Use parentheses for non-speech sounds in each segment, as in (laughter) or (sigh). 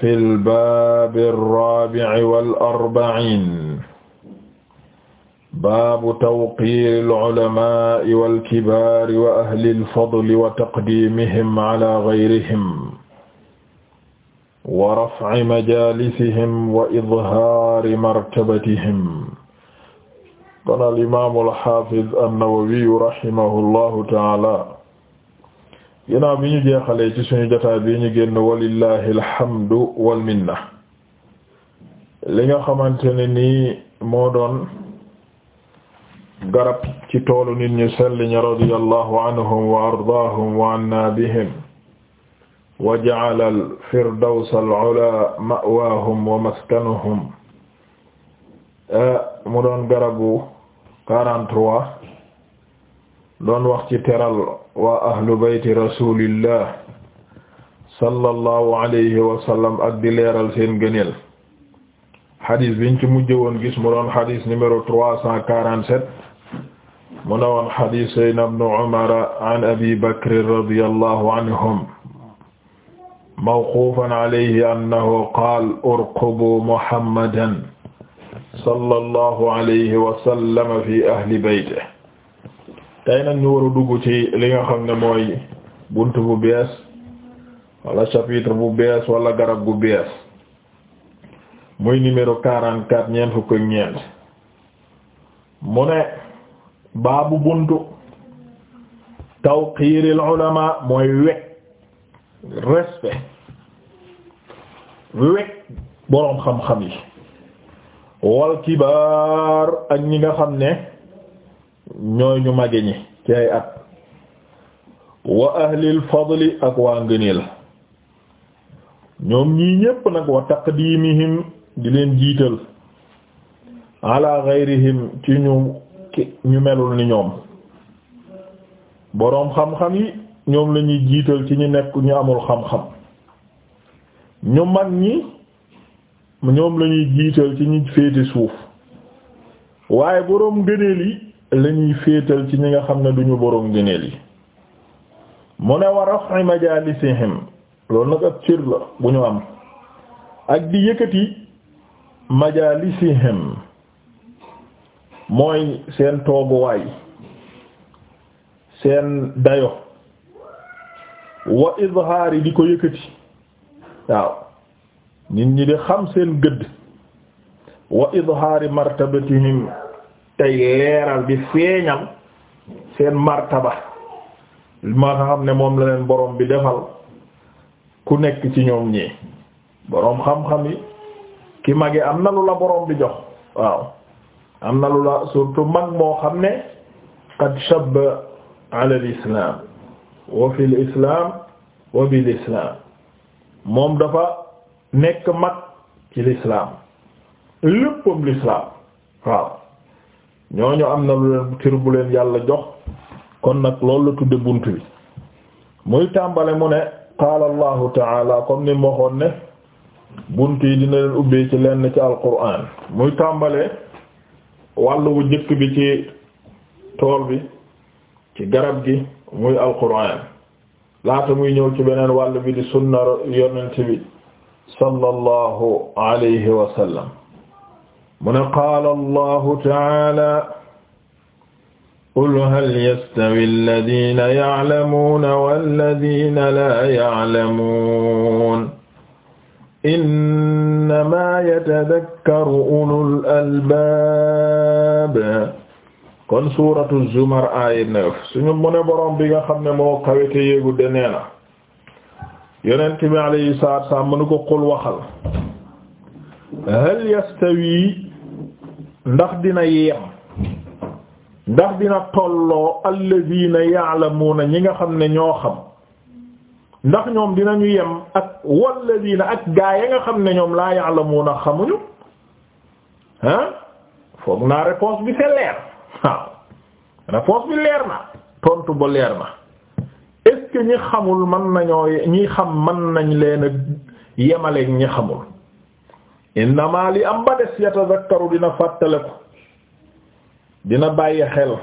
fi lbaabi alrabici walarbaciin baabu tawqiiri alculamaai walkibaari wa ahli alfadli wa taqdiimihim ala gayrihim wa rafci majaalisihim wa idhaari martabatihim qaala alimaamu alxaafiz annawawiyu rahimahu allahu taala ginnaaw bi ñu jeexalee ci suñu jotaay bi ñu génn walillahi alhamdu wal li nga xamante ne nii moo doon garab ci toolu nit ñu sell ñi radiyallahu anhum wa ardaahum wa anna bihim wa ja'ala al al ula wa maskanuhum eh, mu doon garabu 43 wax ci teral waa ahlu bayti rasulillah sallallahu alayhi wa sallam ak di leeral seen gëneel xadis biñ ci mujj woon gis mu doon xadis numéro trois cent quarante-sept mu ne woon xadis sayyidina ibnu Umar an abi Bakr radiyallahu anhum mawquufan alayhi annahu qaala urqubu muhammadan sallallahu alayhi wa sallam fi ahli baytihi tey nag ñu war dugg ci li nga xam ne mooy bunt bu bees wala chapitre bu bees walla garab gu bees muy numéro quarante quatre ñeent fukk ak ñeent mu ne baabu buntu tawqiiril mooy wekk respect wekk boroom xam-xam yi wal kibaar ak ñi nga xam ne ñooy ñu mage ñi ci at wa ahlil fadli ak waa ngëneel ñoom ñii ñépp nag wa taqdimihim di leen jiital ala ghayrihim ci ñu ñu melul ni ñoom boroom xam-xam yi ñoom lañuy jiital ci ñu nekk ñu amul xam-xam ñu mag ñi ñoom lañuy jiital ci ñu féete suuf waaye boroom ngëneel yi lañuy féetal ci ñi nga xam ne duñu borom ngëneel yi mu ne wa raf'i majalisihim loolu nag ab cër la bu ñu am ak di yëkkati majalisihim mooy seen tooguwaay seen dayo wa izhaar yi di ko yëkkati waaw nit ñi di xam seen gëdd wa izhaar martabatihim tey leeral bi feeñal seen martaba ma nga xam ne moom la leen borom bi defal ku nekk ci ñoom ñi boroom xam-xam yi ki mage am na lu la borom bi jox waaw am na lu la surtout mag moo xam ne qad shabba ala islam wa islam wa islam moom dafa nekk mag ci l'islam léppam l'islam waaw ñooñu am na lu leen cër bu leen yàlla jox kon nag loolu la tudde bunt bi muy tàmbale mu ne qaala allahu taala comme ni mu waxoon ne bunt yi dina leen ubbee ci lenn ci alquran muy tàmbale wàll bu njëkk bi ci tool bi ci garab gi muy alquran laata muy ñëw ci beneen wàll bi di sunna yonent bi sallallahu alayhi wa mu ne qaala allahu taala qul hal yastawi alladina yaclamuuna walladina laa yaclamuun innama yatadakkaru ulul albaab kon suuratu zumar aaya neuf suñu mu ne boroom bi nga xam ne moo kawite yéegu de nee na yonent bi alayhi salaatu wa salaam mënu ko qul waxal hal yastawi ndax dina yem ndax dina tolloo alladina ya'lamuna ñi nga xam ne ñoo xam ndax ñoom dinañu yem ak na ak gaa ya nga xam ne ñoom laa ya'lamuna xamuñu ah foog naa réponse bi c'est leer waaw réponse bi leer na tontu ba leer na est ñi xamul man nañoo ñi xam man nañ leen a yemaleeg ñi xamul. innama li am ba des yatazakkaru dina fàttaleku dina bàyyi xel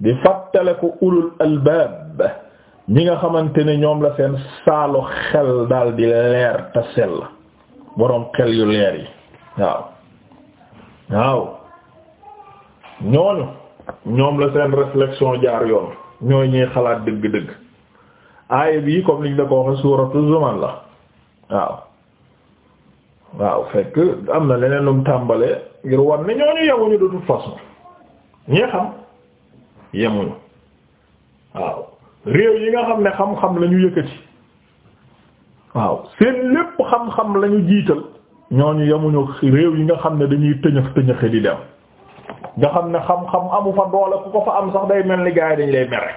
di fàttaleku ulul albaab ñi nga xamante ne ñoom la seen saalu xel daal di leer te la boroom xel yu leer yi waaw waaw ñooñu ñoom la seen réflexion jaar yoon ñooy ñuy xalaat dëgg-dëgg aaya bii comme liñ la ko waxe suuratu Zumal la waaw waaw fekk am na leneen lu mu tàmbalee ngir wan ne ñooñu ñu de toute façon ñi xam yemuñu waaw réew yi nga xam ne xam-xam la ñu yëkkati waaw seen xam-xam ñu jiital ñooñu yemuñu réew yi nga xam ne dañuy tëñëx tëñëxe di dem nga xam ne xam-xam amu fa doole ku ko fa am sax day mel ni gaa yi dañ lay mere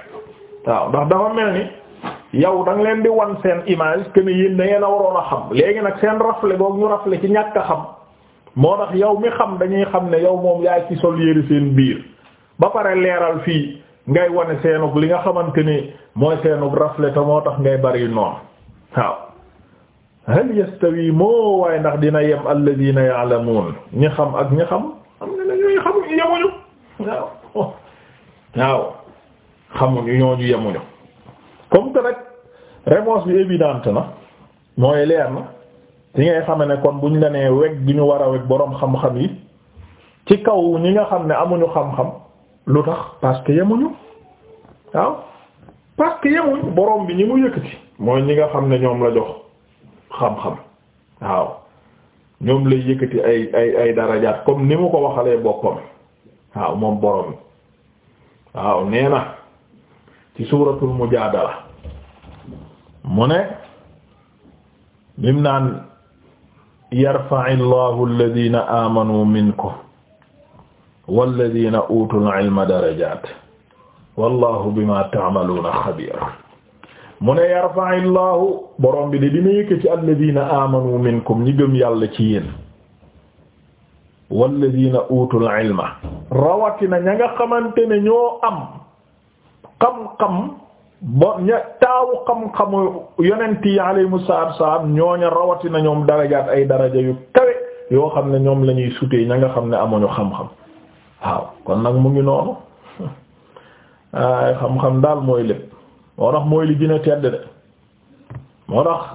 waaw ndax dafa mel ni. yow da leen di wan seen image que ni yéen da waroon a xam léegi nag seen rafle boog ñu rafle ci ñàkk a xam moo tax yow mi xam dañuy xam ne yow moom yaay ci sol yére seen biir ba pare leeral fii ngay wane seenu li nga xamante ni mooy seenu rafle te moo tax ngay bari noonu waaw hal yastawi moo waaye ndax dina yem alladina ya'lamun ñi xam ak ñi xam am na ñuy xamuñu yemuñu waaw waaw xamuñu ñooñu yemuñu réponse bi évidente na mooy leer na ci ngay xame ne kon ñu la nee weg gi ñu war a weg boroom xam-xam yi ci kaw ñi nga xam ne amuñu xam-xam lu tax parce que yemuñu waaw parce yemuñu boroom bi ñi mu yëkkati mooy ñi nga xam ne ñoom la jox xam-xam waaw ñoom lay yëkkati ay ay darajaat comme ni mu ko waxalee boppam waaw moom boroom waaw nee na ci suuratul mujaadala mu ne mim naan yarfa'i Allahu alladhina amanu minkum walladhina utul ilma darajat wallahu bima ta'maluna khabir mu ne yarfa'i Allahu borom bi de dina yëkkati alladhina amanu minkum ñi gëm yàlla ci yéen walladhina utul ilma rawatina ña nga xamante ne ñoo am xam-xam bo ña taawu xam-xamu yonent yi alayhimu sa salaam ñooña rawatina ñoom darajaat ay daraja yu kawe yoo xam ne ñoom lañuy ñuy sutee ña nga xam ne amuñu xam-xam waaw kon nag mu ngi noonu (laughs) ay xam-xam daal mooy lépp moo tax mooy li gën a tedd de moo tax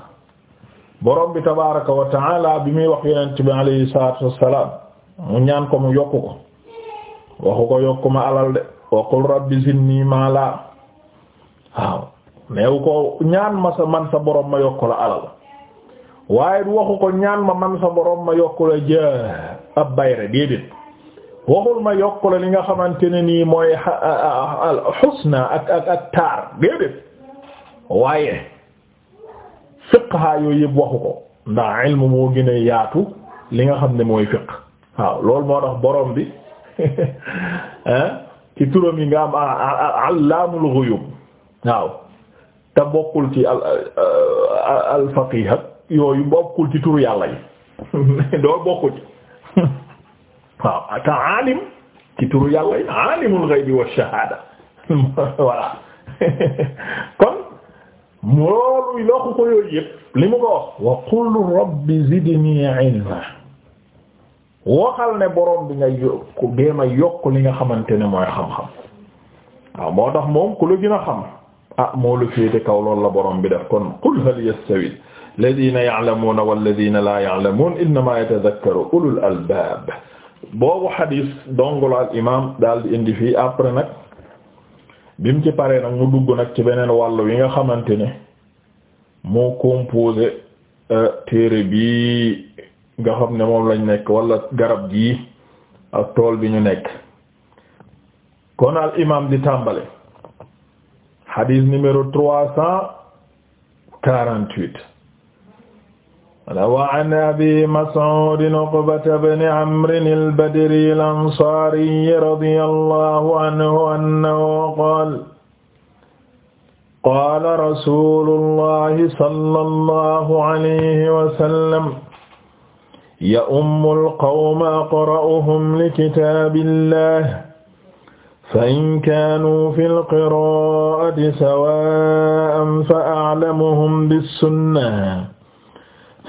borom bi tabaaraka wa bi muy wax yonent bi alayhi salaatu wassalaam mu ñaan ko mu yokku ko waxu ko yokku alal de wa qul rabbi zidni maala waaw neew ko ñaan ma sa man sa borom ma yokk la alal waaye waxu ko ñaan ma man sa borom ma yokk la jë ab bayre déedéet waxul ma yokk la li nga xamante ne nii mooy xusna ak ak ak taar déedéet waaye fiqha yooyu yëpp waxu ko ndax ilmu moo gën a yaatu li nga xam ne mooy fiq waaw loolu moo tax borom bi (laughs) ah, ci turam yi nga am allaamul ghuyub waaw te bokkul ci al al faqih yooyu bokkul ci turu yàlla yi doo (laughs) bokkul ci (laughs) waaw ak alim ci turu yàlla yi alimul ghaybi wa shahada (laughs) voilà kon moolu looku ko yooyu yëpp li mu ko wax wa qul ne boroom bi nga yokk déema yokk li nga xamante ne mooy xam-xam waaw moo tax moom ku la gën a xam ah moo la féete kaw lool la borom bi def kon qul hal yastawi alladhina ya'lamuna walladhina la ya'lamun innama yatadhakkaru ulul albab boobu xadis dongolo al imam daal di indi fii après nag bi mu ci paree nag mu dugg nag ci beneen wàll wi nga xamante ne moo composé euh, téere bi nga xam ne moom lañ nekk walla garab gii ak tool bi ñu nekk kon al imam di tàmbale hadith numéro trois cent quarante-huit wa an abi mas'ud uqbata bni amrin al-badri al-ansari radiyallahu anhu annahu qala qala rasulullahi sallallahu alayhi wa sallam ya'ummu al-qawma aqra'uhum li kitabillah فإن كانوا في القراءة سواء فأعلمهم بالسنة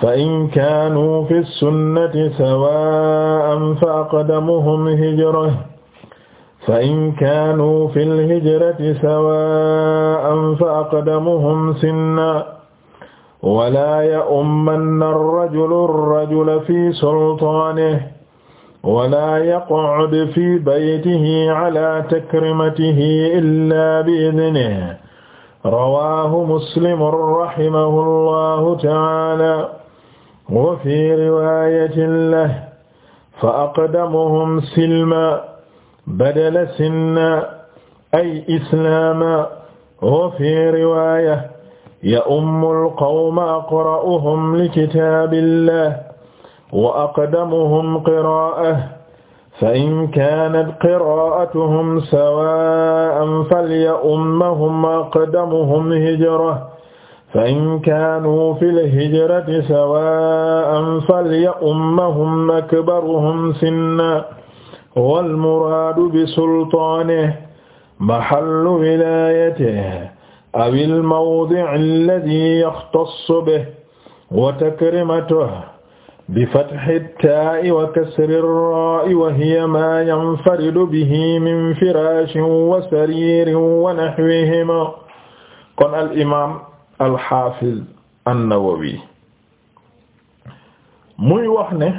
فإن كانوا في السنة سواء فأقدمهم هجرة فإن كانوا في الهجرة سواء فأقدمهم سنا ولا يؤمن الرجل الرجل في سلطانه wala yaq'ud fi baytihi ala takrimatihi illa bi-idnihi rawaahu muslim rahimahullahu ta'aala wa fi riwaayatin lahu fa aqdamuhum silma badala sinna ay islaama wa fi riwaaya ya'ummul qawma aqra'uhum li kitaabillah wa aqdamuhum qiraa'ah fa in kaanat qiraa'atuhum sawaa'an falya'ummahum aqdamuhum hijratan fa in kaanuu fil hijrati sawaa'an falya'ummahum akbaruhum sinnan wal muraadu bisultaanihi mahallu wilaayatihi awil mawdi'i alladhii yaxtassu bihi wa takrimatuhu bi fathi ttaa'i wa kasri rraa'i wa hiya maa yanfaridu bihi min firaashin wa sariirin wa naxwihimaa kon al imaam al xaafiz an-Nawawi muy wax ne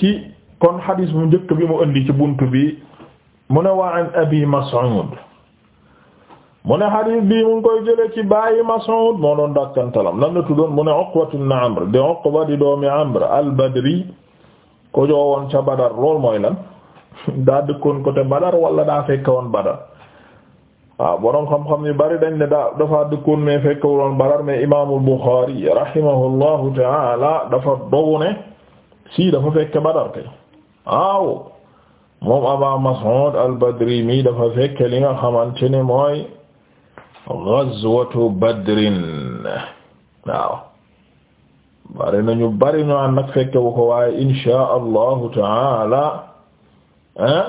ci kon xadiis mu njëkk bi mu indi ci bunt bi mu ne waa an Abi Mas'ud mu ne xadis bi mu koy jëlee ci bàyyi Mas'ud moo doon dakkantalam lan la tuddoon mu ne Uqbatu ibn Amr de Uqba di doomi Amr al ko joowoon ca Badar loolu mooy lan (laughs) daa dëkkoon côté Badar wala daa fekke woon Badar waaw boroom xam-xam yu bari dañ ne daa dafa dëkkoon mais fekke woon Badar mais imaamul Buxaari rahimahullahu ta'ala dafa dogu ne dafa fekke Badar kay waaw moom Abaa Mas'ud al mi dafa fekke li nga xamante ghazwatu badrin waaw bari nañu bari ñu ànd ak ko waaye insha allahu taala hein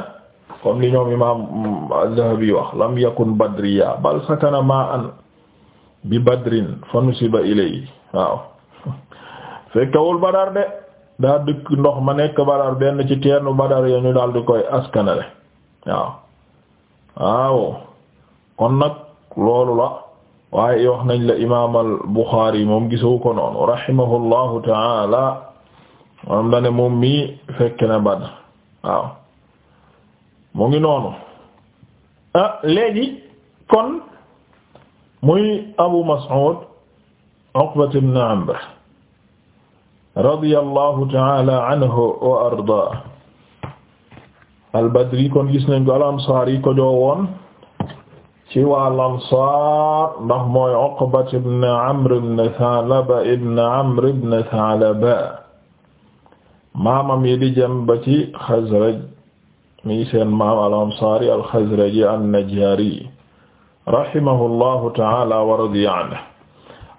comme li ñoom imam az-Zahabi wax lam yakun badriya bal sakana ma bi badrin fa nusiba ilay waaw (laughs) fekkewul badar de daa dëkk ndox ma nekk badar benn ci teenu badar ya ñu daal di koy askanale waaw waaw kon nag loolu la waaye wax nañ la imaam al Buxaari moom gisoo ko noonu rahimahullahu taala moom dane moom mii fekk na Badr waaw ngi noonu léegi kon muy Abu Mas'ud Uqbat ibn Amr radiyallahu taala anhu wa arda al Badri kon gis nañ ko al Ansaari ko joowoon ci waa Ansaar ndax mooy Uqba ibn Amr ibn Thalaba ibn Amr ibn Thalaba maamam yi di jëm ba ci Xasraj mi seen maam al-Ansaari al-Xasraji an-Najjaari rahimahullahu ta'ala wa radiya anhu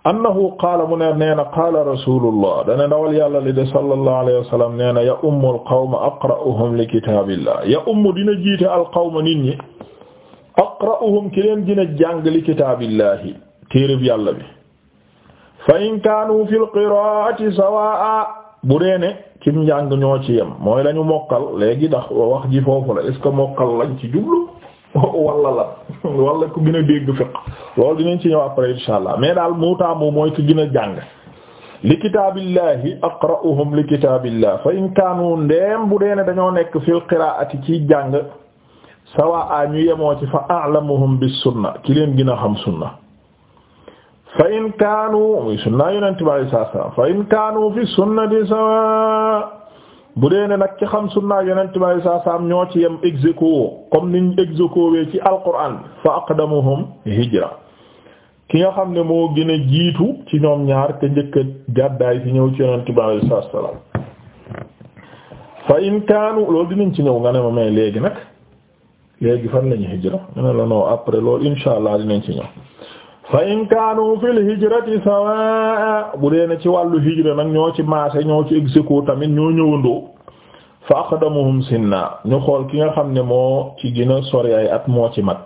annahu qaala mu ne nee na qaala rasulullah dana ndawal yàlla li de sallallahu alayhi wa sallam nee na ya ummul qawma aqra'uhum li kitaabillah ya ummu dina jiite al qawma nit ñi aqra'uhum ki leen gën a jàng li kitaabillahi téereb yàlla bi fa in kaanu fil qiraati sawaa bu dee ne ci njàng ñoo ci yem mooy lañu mokkal léegi ndax wax ji foofu la est-ce mokkal lañ ci jublu (laughs) wala la (laughs) wala ku gën a dégg fiq loolu dinañ ci ñëw après insha allah mais daal muutaamu mooy ku gën a jàng li kitaabillahi aqra'uhum li kitaabillah fa in kaanu ndeem bu dee dañoo nekk fil qiraati ci jàng sawaa ñu yemoo ci fa a'lamuhum bis sunna ki leen gën a xam sunna fa in kaanu muy sunna yonent bi alayhi salaam fa in kaanu fi sunnati sawa bu dee ne nag ci xam sunna yonent bi alayhi salaam ñoo ci yem execo comme niñ execo wee ci alquran fa aqdamuhum hijra ki nga xam ne moo gën jiitu ci ñoom ñaar te njëkk gàddaay fi ñëw ci yonent bi alayhi salaam fa in kaanu loolu dinañ ci ñëw nga ne ma may léegi nag léegi fan lañu hijra ñu ne la non après loolu insha allah dinañ ci ñëw fa in kaanu fil hijrati sawaa bu dee ne ci wàllu hijra nag ñoo ci maase ñoo ci exéco tamit ñoo ñëwandoo fa aqdamuhum sinna ñu xool ki nga xam ne moo ki gën a sori ay at moo ci mag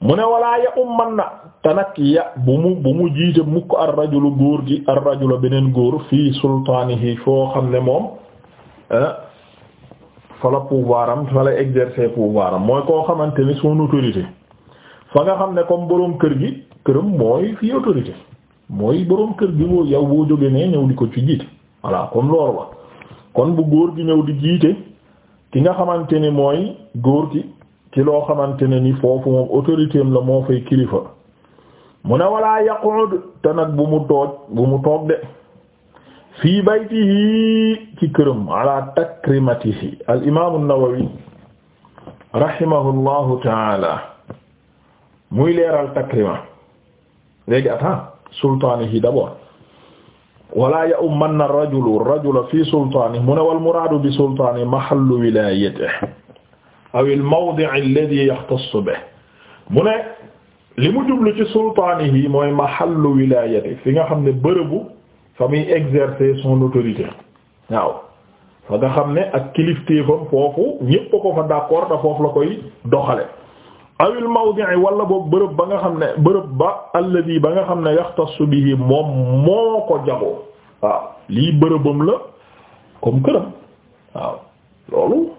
mu ne walaa ya umman na te nag ya bu mu bu mu jiite mukk ar rajulu góor gi ar beneen góor fii sultaanihi foo xam ne moom eh, fa la pouvoir am fa la exercer pouvoir am mooy koo xamante ni son autorité fa nga xam ne comme boroom kër gi këram mooy fii autorité mooy boroom kër gi boo yow boo jógee ne ñëw di ko ci jiite voilà comme loolu la kon bu góor gi ñëw di jiite ki nga xamante ni mooy góor gi ci loo xamante ne ni foofu moom autorité la moo fay kilifa mu ne walla yaqud te nag bu mu toog bu mu toog de fii baytihi ci këram ala takrimatihi al imaamu Nawawi rahimahullahu taala muy leeral takrima léegi attends sultaanihi d'abord wala ya'ummanna ar-rajulu ar-rajula fi sultaanihi mu ne wal muraadu bi sultaanihi mahallu wilaayatihi aw al-mawdi'u alladhi yaxtassu bihi mu ne li mu jublu ci sultaanihi mooy mahallu wilaayatihi fi nga xam ne bërëbu fa muy exercer son autorité waaw fa nga xam ne ak kilifteefam foofu ñépp a ko fa d'accord foofu la koy doxale awil mawdi'i wala boobu bërëb ba nga xam ne bërëb ba alladi ba nga xam ne yaxtassu bihi moom moo ko jagoo waaw lii bërëbam la comme këram waaw loolu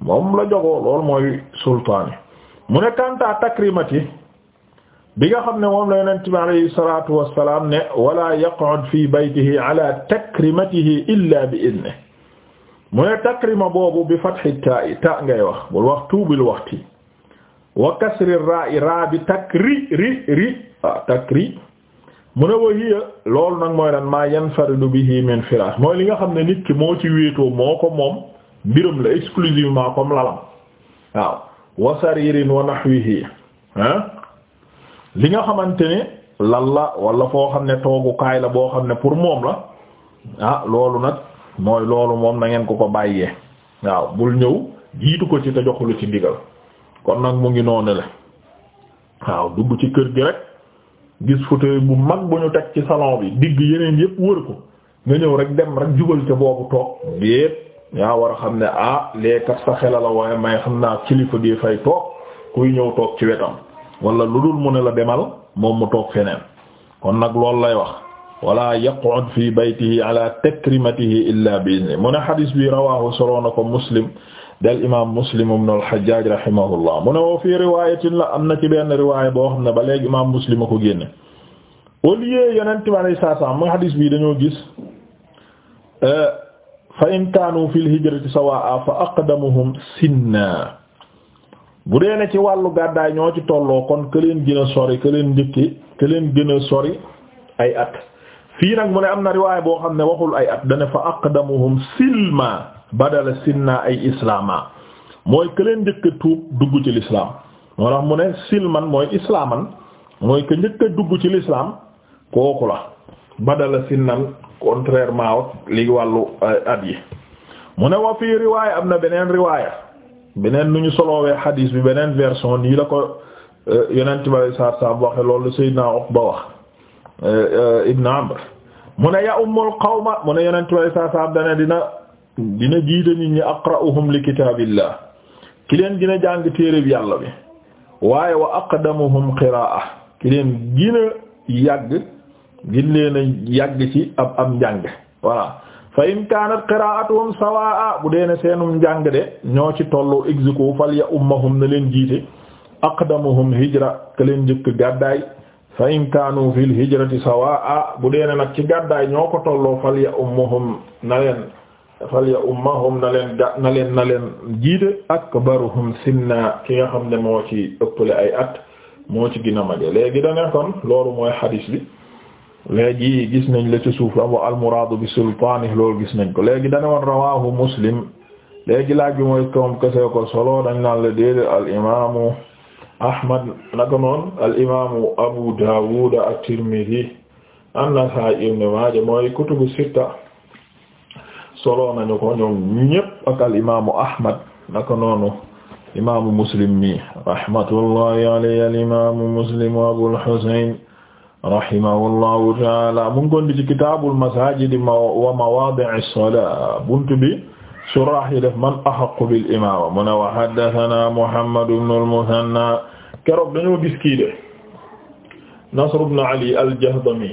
moom la jagoo loolu mooy sultaani mu ne kanta takrimati bi nga xam ne moom la yonent bi alayhi salaatu wassalaam ne wala yaq'ud fi baytihi ala illa bi idnihi mu takrima boobu bi fathi ta'i ta ngay wax bul wax tuubil waxti wa kasri ra'i ra bi takri ri ri ah takri mu ne wa hiya loolu nag min firaas mooy li nga xam ne nit ki moo ci wéetoo moo ko moom mbiram la exclusivement comme lalam waaw wa saririn li nga xamante ni lan la walla foo xam ne toogukaay la boo xam ne pour moom la ah loolu nag mooy loolu moom na ngeen ko ko bàyyee waaw bul ñëw jiitu ko ci te joxulu ci ndigal kon nag mu ngi noonu la waaw dugg ci kër gi rek gis fauteuil bu mag bu ñu teg ci salon bi digg yeneen yépp wër ko nga ñëw rek dem rek jubal ca boobu toog yépp yaa war a xam ne ah léekat sa xelala waaye may xam naa kilifa gi fay toog kuy ñëw toog ci wetam wala lu dul mu ne la demal moom mu toog feneen kon nag loolu lay wax wala yaq'ud fi baytihi ala takrimatihi illa bi izni mu ne xadis bi rawahu soloo na ko muslim del imam muslim ibn al-hajjaj rahimahullah mu ne woo fii riwayatin la am na ci benn riwaaya boo xam ne ba léegi imam muslim a ko génne au lieu yonent bi alei saat salaam mu nga xadis bi dañoo gis euh, fa in kaanu fi l hijrati sawaa fa aqdamuhum sinna bu dee ne ci wàllu gàddaay ñoo ci tolloo kon ke leen gën a sori ke leen njëkki ke sori ay at fii nag mu ne am na riwaay boo xam ne waxul ay at dane fa aqdamuhum silma badala sinna ay islaama mooy ke leen njëkk tuub dugg ci lislaam moo tax mu ne silman mooy islaaman mooy kë njëkk dugg ci lislaam kooku la badala sinnan contrairement li wàllu at yi mu ne wa fii riwaaya am na beneen riwaaya beneen nu ñu soloowee xadiis bi beneen version nii la ko euh, yonent bi saar saab waxe loolu Seydina Uqba wax euh, euh, Ibn Amr mu ne ya ummul qawma mu ne yonent bi saar saab dana dina dina jiite nit ñi aqra'uhum li kitaabillah ki leen gën a jàng téereb yàlla bi waaye wa aqdamuhum qira'a ki leen gën yàgg gin leen a yàgg ci ab am njàng voilà fa in kaanat sawa sawaa bu deene seenum njàng de ñoo ci tolloo execo fal ya ummahum na leen jiite aqdamuhum hijra ke leen njëkk gàddaay fa in kaanu fil hijrati sawaa bu deene nag ci gàddaay ñoo ko tolloo fal ya ummahum na leen fal ya ummahum na leen na leen na leen jiite akbaruhum sinna ki nga xam ne moo ci ëppale ay at moo ci gën a mage léegi da ne kon loolu mooy hadis bi léegi gis nañ la ci suuf wa al-muraadu bi sultaanihi loolu gis nañ ko léegi dana woon rawaahu muslim léegi laaj bi mooy koom kese ko solo dañ la déedéet al imaamu Ahmad al imaamu Abu Daawud at-Tirmidhi an-Nasaa'i ibn sitta solo nañu ko ñoom ñépp ak al imaamu Ahmad imaamu muslim mi rahmatullahi alayhi al muslim wa Abul Husayn rahimahullahu taala mu ngi kondi ci kitaabul masaajidi wa mawaadi'i salaa buntu bi surah yi def man ahaqqu bil imaama mu ne wa haddathanaa Muhammad ibn al-Muthanna keroog dañoo gis kii de Nasr ibn Ali al-Jahdami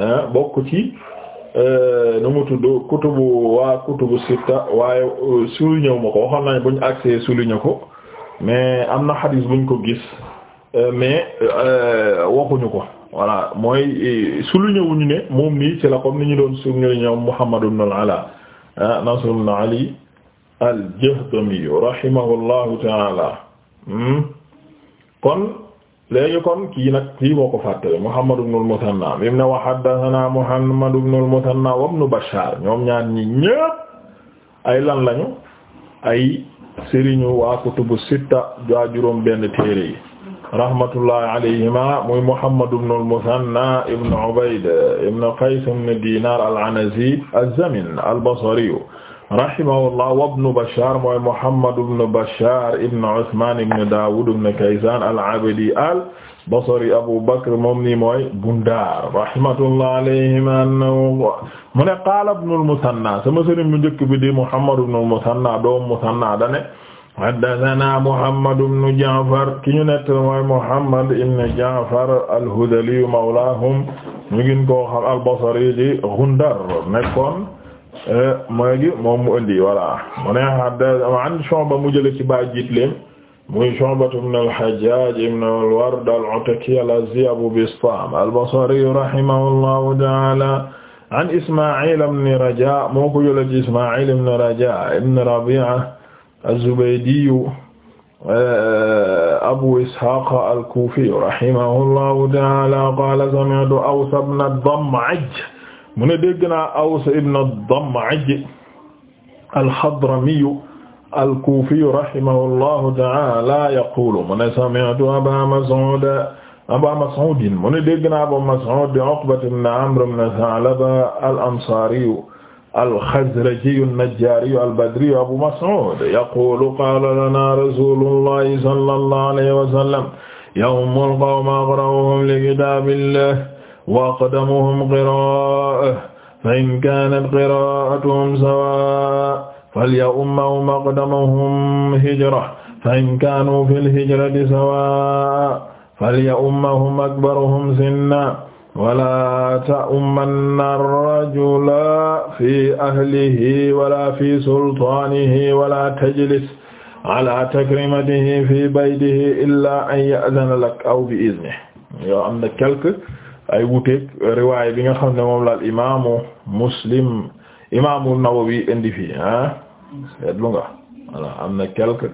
ah, bokk ci eh, nu mu tudd kutubu waa kutubu sitta waaye eh, souligné ma ko waxoon nañ buñ accès souligné ko mais am na xadis buñ ko gis eh, mais waxuñu ko voilà mooy e, sulu ñëwuñu ne moom nii ci la comme ni ñu doon suñu ñoom Muhammad ibn al-Ala Ali al-Jahdami rahimahullahu taala hmm? kon léegi kon kii nag kii moo ko fàttali Muhammad ibn al-Muthanna ne wa haddathana Muhammad ibn al wa ibn Bashar ñoom ñaar ñi ñépp ay lan lañu ay sëriñu waa kutubu sitta jaa benn téere yi rahmatullahi alayhima muy Muhammad ibn al-Muthanna ibn Ubayd ibn Qays ibn Dinar al-Anazi az-Zamin al-Basri rahimahullah wa ibn Bashar mooy Muhammad ibn Bashar ibn Uthman ibn Dawud ibn Kaysan al-Abdi al-Basri Abu Bakr moom ni mooy Bundar rahmatullahi alayhima mu ne qaala ibn al-Muthanna sama sëriñ bu njëkk bi di Muhammad ibn al-Muthanna doom Muthanna dane haddasanaa Muhammad ibn Ja'far ki ñu nekk mooy Muhammad ibn Ja'far al-Hudhali mawlaahum ñu gën koo xam al-Basri di Ghundar nekkoon eh, mooy moom mu indi voilà mu ne haddasanaa an Shu'ba mu jële ci baa jiitleem muy Shu'ba ibn al-Hajjaj ibn al-Ward al-Ataki al-Azdi Abu Bistaam al-Basri rahimahullahu ta'ala an Isma'il ibn Raja' moo ko jële ci Isma'il ibn Raja' ibn Rabi'a az-Zubaydiyu eh, Abu Ishaq al-Kufi rahimahullahu ta'ala qala sami'tu Aws ibn ad-Dam'aj mu ne dégg naa Aws ibn ad-Dam'aj al-Hadrami al-Kufi rahimahullahu ta'ala yaqulu mu ne sami'tu Aba Mas'ud Aba Mas'ud mu ne dégg naa Aba Mas'ud Uqba ibn Amr ibn Tha'laba al-Ansari al-Xazrajiyu an-Najjaariyu al-Badriyu Abu Mas'uud yaquulu qaala lanaa rasuulullaahi sallallaahu alayhi wa sallam ya'ummul qawma aqra'uhum li-kitaabillaahi wa aqdamuhum qiraa'atahu fa-in kaanat qiraa'atuhum sawaa'an falya'ummhum aqdamuhum hijratan fa-in kaanuu fil hijrati sawaa'an falya'ummhum akbaruhum sinnan wala ta'umanna rajula fi ahlihi wala fi sultaanihi wala tajlis ala takrimatihi fi baytihi illa an ya'zana lak aw bi iznihi yoo am na quelque ay wuuteeg riwaay bi nga xam ne moom laal imaamu muslim imaamu Nawawi indi fii ah seetlu nga voilà am na quelque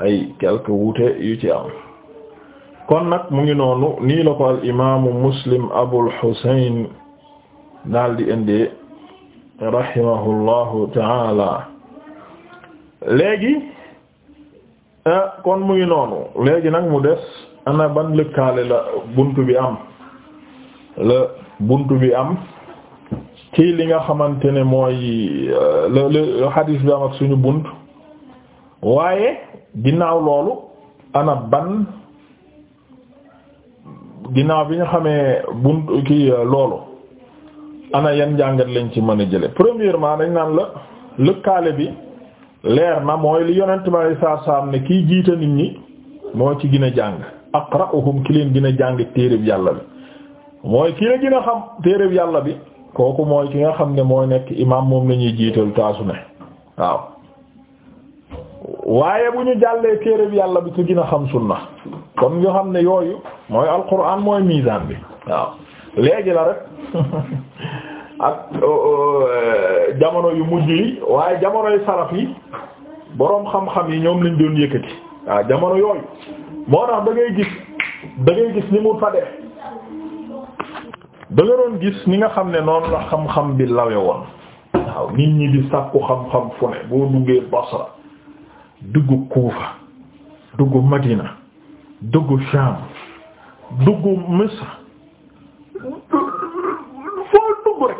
ay quelque wuute yu ci am. kon nag mu ngi noonu nii la ko al imaamu muslim abul husayn daal di indi rahimahullahu taala léegi eh, kon mu ngi noonu léegi nag mu des ana ban lëkkaale la buntu bi am la buntu bi am ci li nga xamante ne mooy eh, le le hadis bi am ak suñu bunt waaye ginnaaw loolu ana ban ginnaaw bi ñu xamee bunt ki euh, loolu ana yan njàngat lañ ci mën a jële premièrement dañ naan la lëkkaale bi leer na mooy li yonent ma lay saa saam ne kiy jiita nit ñi moo ci gën a jàng aqra'uhum ki leen gën a jàng téereb yàlla bi mooy ki la gën xam téereb yàlla bi kooku mooy ki nga xam ne mooy nekk imaam moom lañuy ñuy jiital taasu ne waaw waaye bu ñu jàllee téereb yàlla bi ku gën a xam sunna kon nga xam ne yooyu mooy alquran mooy mizaan bi waaw léegi la rek (laughs) ak euh, euh, jamono yu mujj yi waaye jamonoy salaf yi boroom xam-xam yi ñoom lañ doon yëkkati waaw jamono yooyu moo tax da ngay gis da ngay gis ni mu fa def da nga doon gis ni nga xam ne noonu la xam-xam bi lawe woon waaw nit ñi di sàkku xam-xam fu ne boo duggee Basra dugg Kuufa dugg Madina dugg Sham dugg Misr foo dugg rek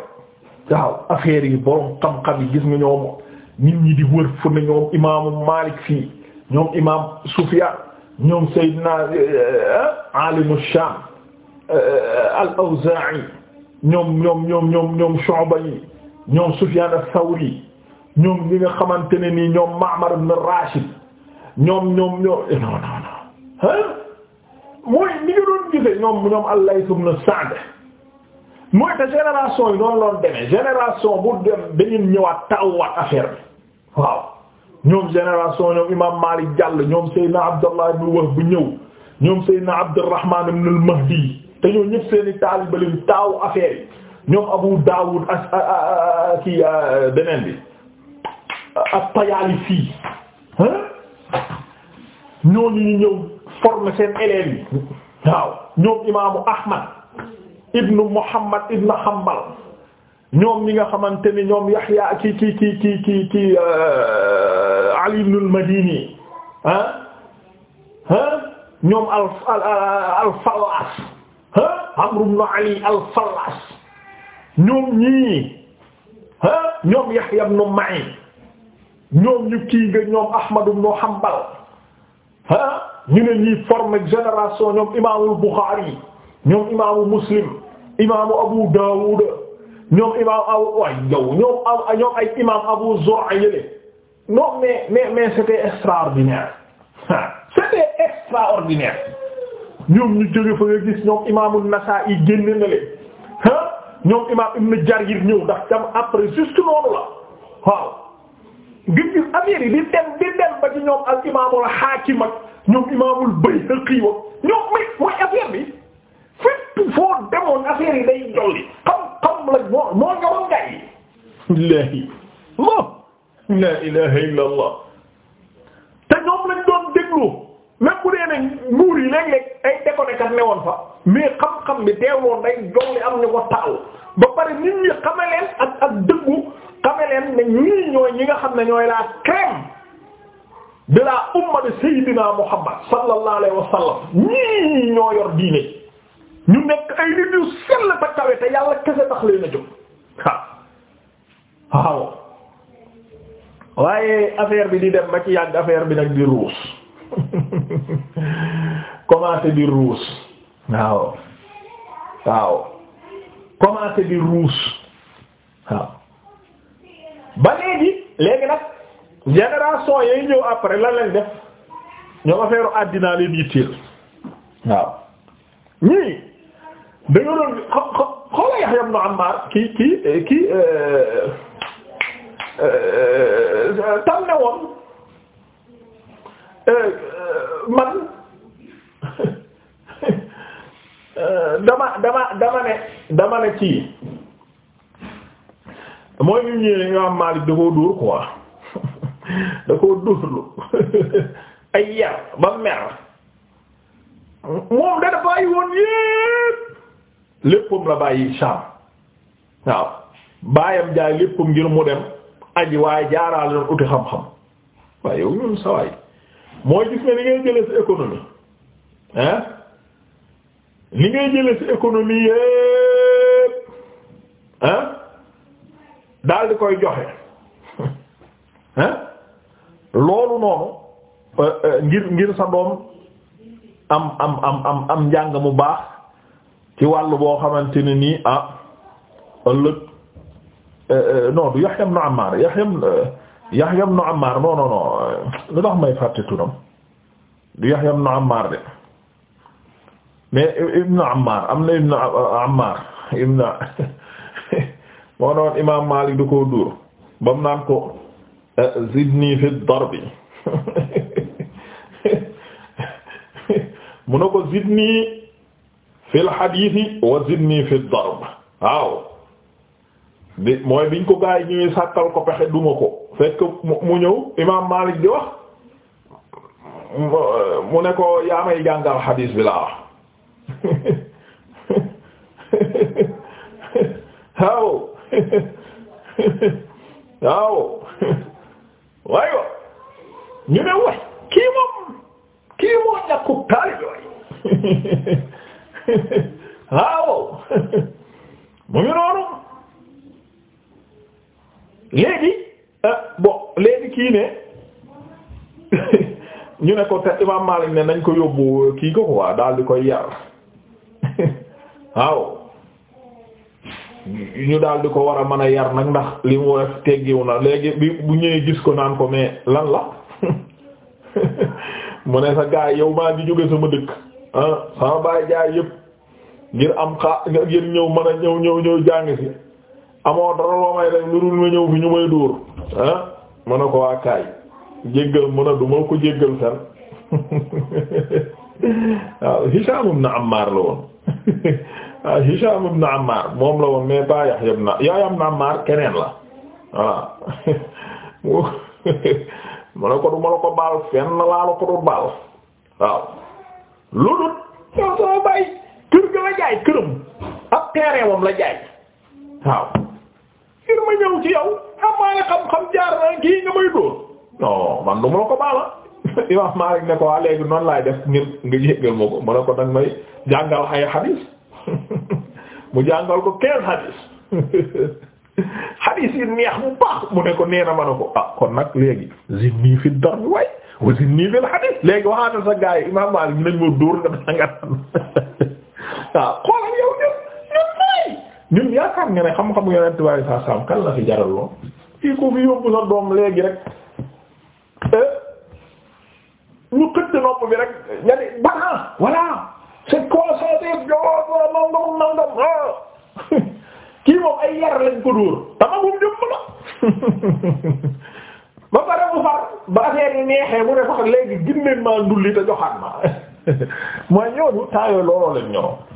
waaw affaire yi borom xam-xam yi gis nga ñoom nit ñi di wër fu ne ñoom imaamu Malik fii ñoom imam Sufyan ñoom Seydina eh, alimu Sham eh, al-Awza'i ñoom ñoom ñoom ñoom ñoom Shu'ba yi ñoom Sufyan ath-Thawri ñoom ñi nga xamante ne nii ñoom Ma'mar ibn Rashid ñoom ñoom ñoom eh, non non mooy ni nga doon gise ñoom ñoom Al-Layth ibn Sa'd mooy te génération yi noonu loon demee génération bu dem dañu ñëwaat taawwaat affaire bi waaw ñoom génération ñoom imam Malik jàll ñoom Seydina Abdallah ibn Wahb bu ñëw ñoom Seydina Abdurrahman ibn al-Mahdi te ñoo ñëpp seeni taalibalim taawu affaire yi ñoom Abu Dawud ak kii beneen bi ak Tayalisi ñooñu ñu ñëw former seen élèves yi waaw ñoom imaamu Ahmad ibnu Muhammad ibnu Hanbal ñoom ñi nga xamante ni ñoom Yahya ki ki ki ki ki ki euh, Ali ibnu al-Madini ah ah ñoom al ah, Ali al-Fallaas ñoom ñii ah ñoom Yahya Ma'in ñoom ñu kii nga ñoom Ahmad ibnu Hanbal ah ñu ne ñuy former génération ñoom imaamul Bukhari ñoom imaamu Muslim imaamu Abu Dawud ñoom imaam aw waay yow ñoom ñoom ay imam Abu extraordinaire c'était extraordinaire ñoom ñu jóge fa nga ñoom imaamu Nasa'i génne na leen ah ñoom imam Ibn Jarir ñëw ndax tam après juste la waaw gis gis dem di dem ba ci ñoom al imaamul Hakim ak ñoom imaamul Bayhaqi wa ñoom may mooy affaire bi fépp foo demoon affaire yi day jolli xam-xam la moo moo ñoroon gars yi. illaahi allah la ilaha allah te ñoom lañ doon déglu même bu dee ne nguur yi léeg-léeg ay déggoo kat newoon fa mais xam am ni ko taaw ba pare nit ñi xame leen ak ak dëggu xame leen ne ñooy ñi nga xam ne ñooy la crème. de umma de Seydina Muhammad sallallahu alayhi wa ñii ñoo yor diine ñu nekk ay nit yu sell ta te yàlla kese tax leen a jóg waaw waaye affaire bi di dem ba ci yàgg affaire bi nag di ruus (laughs) commencé di ruus waaw waaw commencé di ruus waaw ba léegi léegi nag génération yooyu ñëw après lan lañ def ñoom affaire àddinaa leen yitteel waaw ñii dañoo doon xo xo xoola Yahya ibn Ammar kii kii eh, kii eh, eh, tam ne woon man (laughs) dama dama dama ne dama ne kii mooy ñu ñëwee ñoo am Maalik da koo dóor (laughs) da koo dóorlu (laughs) ay yar ba mer moom da dafa bàyyi woon yépp léppam la bàyyi Sham waaw baayam jaay léppam ngir mu dem aji waaye jaaraale doon uti xam-xam waaye yow ñun sawaay mooy gis nga ni ngay jëlee sa économie ah li ngay jëlee sa économie yépp ah daal di koy joxe ah (laughs) loolu noonu euh, euh, ngir ngir sa doom am am am njàng mu baax ci wàll boo xamante ne nii ah ëllëg euh, non du Yahya ibn Ammar Yahya Yahya ibn Ammar non non non lu tax may fàtte turam du Yahya ibn Ammar de mais ibn Ammar am na ibn Ammar ibn (laughs) moo noon imaam Maalik du ko dóor bam naan ko zidni fi darbi mu ne zidni fi alxadiisi wa zidni fi darb waaw bi mooy biñ ko gaay ñuy sàkkal ko pexe duma ko fekk mu ñëw imaam Maalik di wax mu ne ko yaa may jàngal xadiis bi (laughs) (laughs) (laughs) waaye ñu ne wax kii moom kii moo ñàkkub taalibe waay (laughs) waaw mu ngi noonu léegi ah, bon léegi kii ne (laughs) ñu ne ko te mama Maalik ne nañ ko yóbbu kii ko ko waa di koy yar (laughs) waaw ñu daal di ko war a mën a yar nag ndax li mu def teggiwu na léegi bi bu ñëwee gis ko naan ko mais lan la (laughs) mu ne sa gaay yow maa ngi jóge sama dëkk ah sama baay jaay yëpp ngir am xaa ngir ñëw mën a ñëw ñëw ñëw jàng si amoo dara may def lu dul ma ñëw fi ñu may dóor ah mu ne ko waa kaay jéggal mu ne du ma ko jéggal fen (laughs) waaw Hisham ibn Ammar la woon (laughs) Ah, Hisham ibn Ammar moom la woon mais pas Yahya ibn Yahya ibn Ammar keneen la voilà (laughs) mu ne ko du ma la ko baal fenn laa la ko du baal waaw loolu yow sama bàyyi kër ga la jaay këram ak terrain moom la jaay waaw ngir ma ñëw jaar na kii nga may dóor man du ma la ko baala ah. (laughs) Imam Malik ne ko waa ah, léegi noonu def ngir nga jéggal ma ko ko danga may jàngal ay hadith (laughs) mu jàngal ko quinze hadis (laughs) hadis yi neex bu baax mu ne ko nee na ma ne ko ah kon nag léegi zinnii fi dar mi waay wa zinnii fil hadis léegi waxaatal sa gaay imam Maalik nañ moo dóor nga sangatam (laughs) waaw xoolal yow ñun ñun mooy ñun yaakaar nga ne xam-xam yonent bi sallallahu alayhi wasallam kan fi jaral lool kii ko fi yóbbu sa doom léegi rek eh, ñu xëtt nopp bi rek nga ne bana c'est quoi ça def jowa nangam nangam (laughs) ah kii moom ay yar lañ ko dóor tamagum jëmm la (laughs) ba pare mu far ba affaire yi neexee mu ne sax léegi gin leen maa ndulli te joxaat ma (laughs) mooy ñooñu temps yooyu looloo leen ñoroon